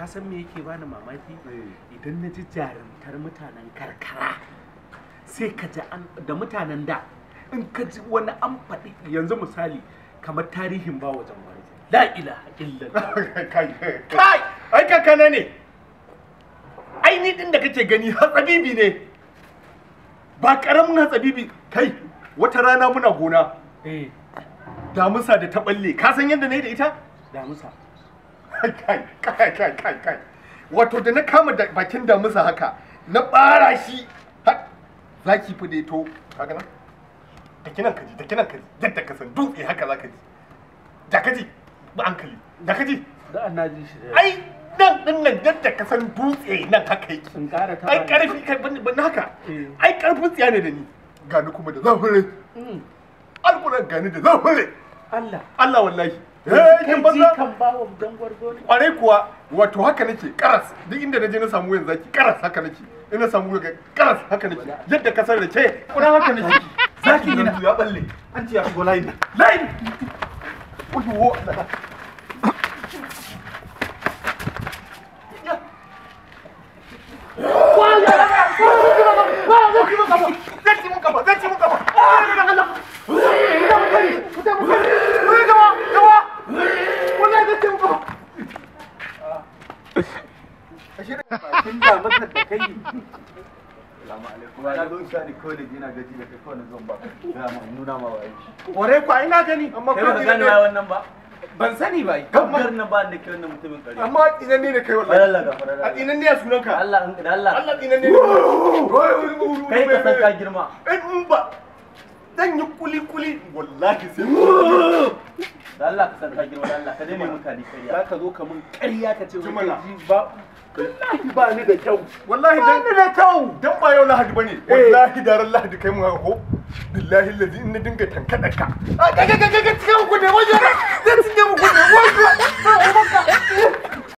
ka san me yake bani mamaki eh. idan na ji jarumtar mutanen karkara sai ka ji da mutanen da in ka ji wani an faɗi yanzu misali kamar tarihin ba wajen wani la ila illa kai ai kakana ne ai ni din da kake gani hatsabibi ne ba karamin hatsabibi kai wata rana muna gona eh damusa da ta ka san yadda ne da ita damusa kai kai kai kai kai wato da na kama da bakin damusa haka na bara shi zaki fi da to kaga nan da kinan kaji da kinan kaji yadda ka san dutse haka zaka ji da kaji ba hankali da kaji da an shi ai nan din nan yadda ka san dutse nan haka yake in ƙara ta ai karfi kai ban haka eh. ai karfin tsiya ne da ni gani kuma da zafin rai mm. alƙuran gani da zafin Allah Allah wallahi Eh, kin kwarai kuwa wato haka nake karas duk inda naje na samu yanzu zaki karas haka nake ina samu karas haka nake yadda ka sarra ce kuna haka nake zaki ne ya balle an ce ya shigo layin layin wato Zai ci mun kafa, zai ci mun kafa, zai mun shirin bakin da kawai ba. Kwarai kwa ina gani. Amma gani wannan ba. Ban sani ba. Gabbar na ba da kai wannan mutumin kare. Amma inan ne kai wallahi. Allah ga A inan ne ya sunan ka. Allah in da Allah. Allah inan ne. Kai ka san ka girma. Eh ba. Dan yi kuli kuli wallahi sai. da Allah ka san ka girma da Allah ka daina mutane kariya za ka zo ka mun kariya ka ce wani ji ba wallahi ba ni da kyau wallahi ba ni da kyau dan ba yau lahadi bane eh. wallahi da ran lahadi kai mu hako billahi lazi in na dinga tankada ka a ah, ga ga ga ga cikin ku ne wajen